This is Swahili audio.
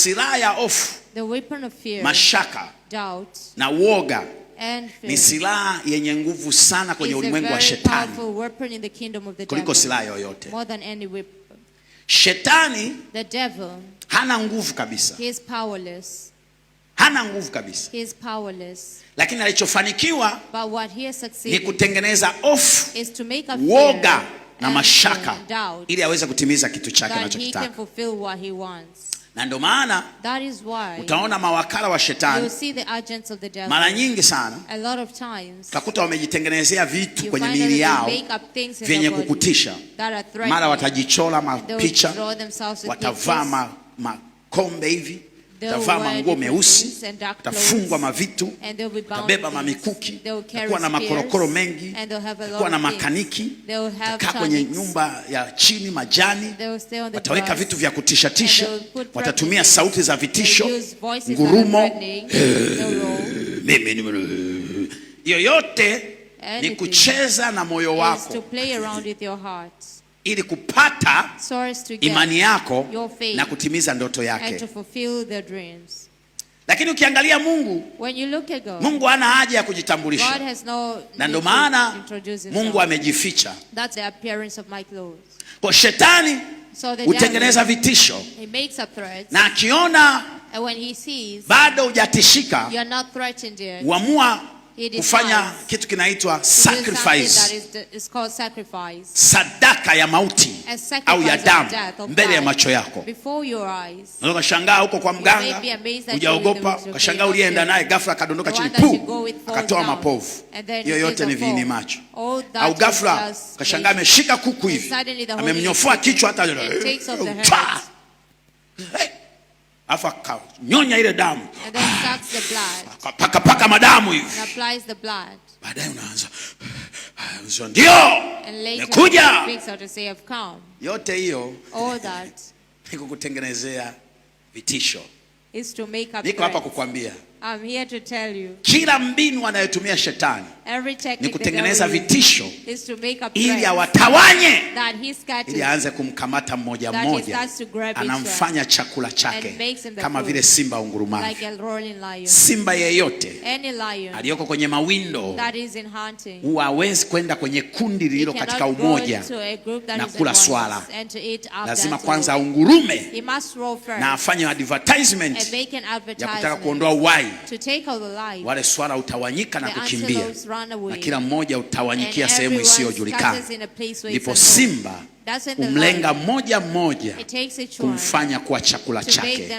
Silaha ya hofu, mashaka doubt, na uoga ni silaha yenye nguvu sana kwenye ulimwengu wa shetani kuliko silaha yoyote. Shetani the devil, hana nguvu kabisa, he is powerless. hana nguvu kabisa, he is powerless. lakini alichofanikiwa ni kutengeneza hofu, woga na mashaka, ili aweze kutimiza kitu chake anachokitaka na ndio maana utaona mawakala wa shetani mara nyingi sana utakuta wamejitengenezea vitu kwenye miili yao vyenye kukutisha. Mara watajichola mapicha, watavaa makombe hivi utavaa manguo meusi, utafungwa mavitu, utabeba mamikuki, utakuwa na makorokoro mengi, utakuwa na makaniki, utakaa kwenye nyumba ya chini majani, wataweka vitu vya kutishatisha, watatumia sauti za vitisho, ngurumo, mimi yoyote, ni kucheza na moyo wako ili kupata imani yako na kutimiza ndoto yake. Lakini ukiangalia Mungu, Mungu hana haja ya kujitambulisha, na ndio maana Mungu amejificha. Kwa shetani hutengeneza vitisho na akiona bado hujatishika, huamua kufanya kitu kinaitwa sacrifice, sadaka ya mauti au ya damu mbele ya macho yako. Ukashangaa huko kwa mganga, ujaogopa, ukashangaa ulienda naye, ghafla akadondoka chini pu, akatoa mapovu. Hiyo yote ni viini macho. Au ghafla ukashangaa ameshika kuku hivi, amemnyofoa kichwa hata Afu akanyonya ile damu akapakapaka madamu hivi, baadaye unaanza ndio nikuja. Yote hiyo ni kukutengenezea vitisho. Niko hapa kukwambia I'm here to tell you, kila mbinu anayotumia shetani ni kutengeneza vitisho ili awatawanye, ili aanze kumkamata mmoja mmoja, anamfanya chakula chake kama vile simba ungurumani. Like simba yeyote aliyoko kwenye mawindo huwa hawezi kwenda kwenye kundi lililo katika umoja na kula swala, lazima kwanza aungurume na afanye advertisement ya kutaka kuondoa uwai wale swara utawanyika na kukimbia, na kila mmoja utawanyikia sehemu isiyojulikana. Ndipo simba umlenga moja mmoja kumfanya kuwa chakula chake.